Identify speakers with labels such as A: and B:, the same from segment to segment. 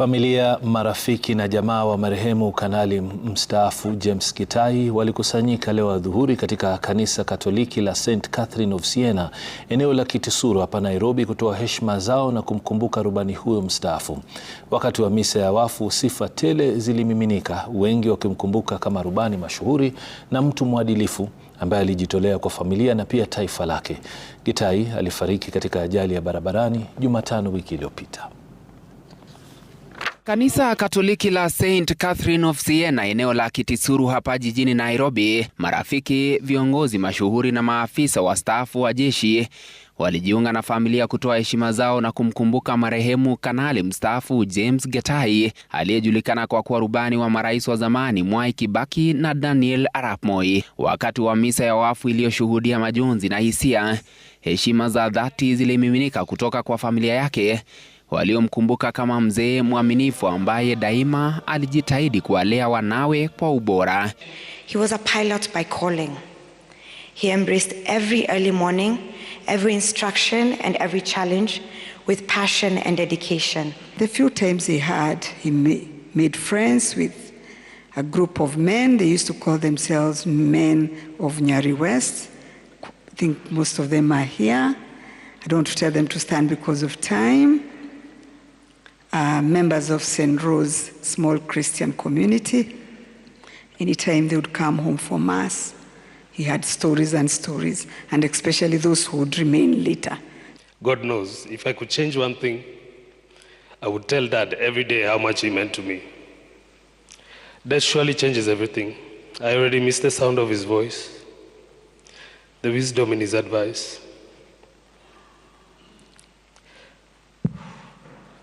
A: Familia, marafiki na jamaa wa marehemu kanali mstaafu James Gitahi walikusanyika leo adhuhuri katika kanisa Katoliki la St Catherine of Siena eneo la Kitisuru hapa Nairobi kutoa heshima zao na kumkumbuka rubani huyo mstaafu. Wakati wa misa ya wafu, sifa tele zilimiminika, wengi wakimkumbuka kama rubani mashuhuri na mtu mwadilifu ambaye alijitolea kwa familia na pia taifa lake. Gitahi alifariki katika ajali ya barabarani Jumatano wiki iliyopita. Kanisa Katoliki la St Catherine of Siena eneo la Kitisuru hapa jijini Nairobi, marafiki, viongozi mashuhuri na maafisa wastaafu wa jeshi walijiunga na familia kutoa heshima zao na kumkumbuka marehemu kanali mstaafu James getai aliyejulikana kwa kuwa rubani wa marais wa zamani Mwai Kibaki na Daniel Arap Moi. Wakati wa misa ya wafu iliyoshuhudia majonzi na hisia, heshima za dhati zilimiminika kutoka kwa familia yake waliomkumbuka kama mzee mwaminifu ambaye daima alijitahidi kuwalea wanawe kwa ubora.
B: He was a pilot by calling. He embraced every early morning, every instruction and every challenge with passion and dedication.
C: The few times he had, he made friends with a group of men. They used to call themselves men of Nyari West. I think most of them are here. I don't tell them to stand because of time. uh, members of St. Rose small Christian community. Anytime they would come home for Mass, he had stories and stories, and especially those who would remain later.
D: God knows, if I could change one thing, I would tell Dad every day how much he meant to me. That surely changes everything. I already miss the sound of his voice, the wisdom in his advice.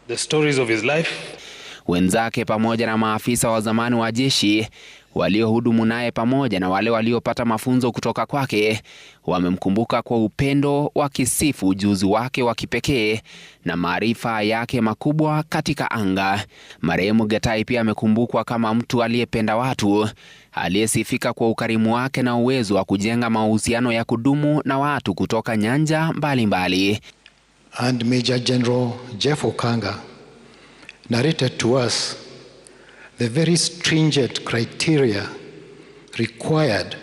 D: the stories of his life.
A: Wenzake pamoja na maafisa wa zamani wa jeshi waliohudumu naye pamoja na wale waliopata mafunzo kutoka kwake wamemkumbuka kwa upendo, wakisifu ujuzi wake wa kipekee na maarifa yake makubwa katika anga. Marehemu Gitahi pia amekumbukwa kama mtu aliyependa watu, aliyesifika kwa ukarimu wake na uwezo wa kujenga mahusiano ya kudumu na watu kutoka nyanja mbalimbali mbali.
E: and Major General Jeff Okanga narrated to us the very stringent criteria required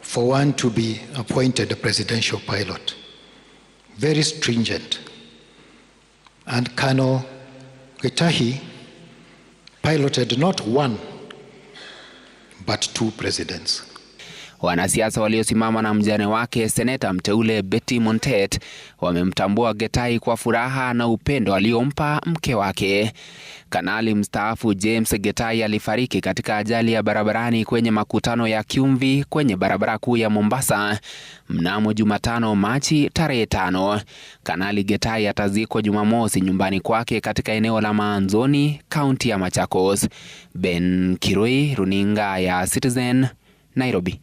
E: for one to be appointed a presidential pilot. Very stringent. And Colonel Kitahi piloted not one, but two presidents.
A: Wanasiasa waliosimama na mjane wake seneta mteule Betty Montet wamemtambua getai kwa furaha na upendo aliompa mke wake. Kanali mstaafu James getai alifariki katika ajali ya barabarani kwenye makutano ya Kyumvi kwenye barabara kuu ya Mombasa mnamo Jumatano Machi tarehe tano. Kanali getai atazikwa Jumamosi nyumbani kwake katika eneo la Maanzoni, kaunti ya Machakos. Ben Kirui, runinga ya Citizen, Nairobi.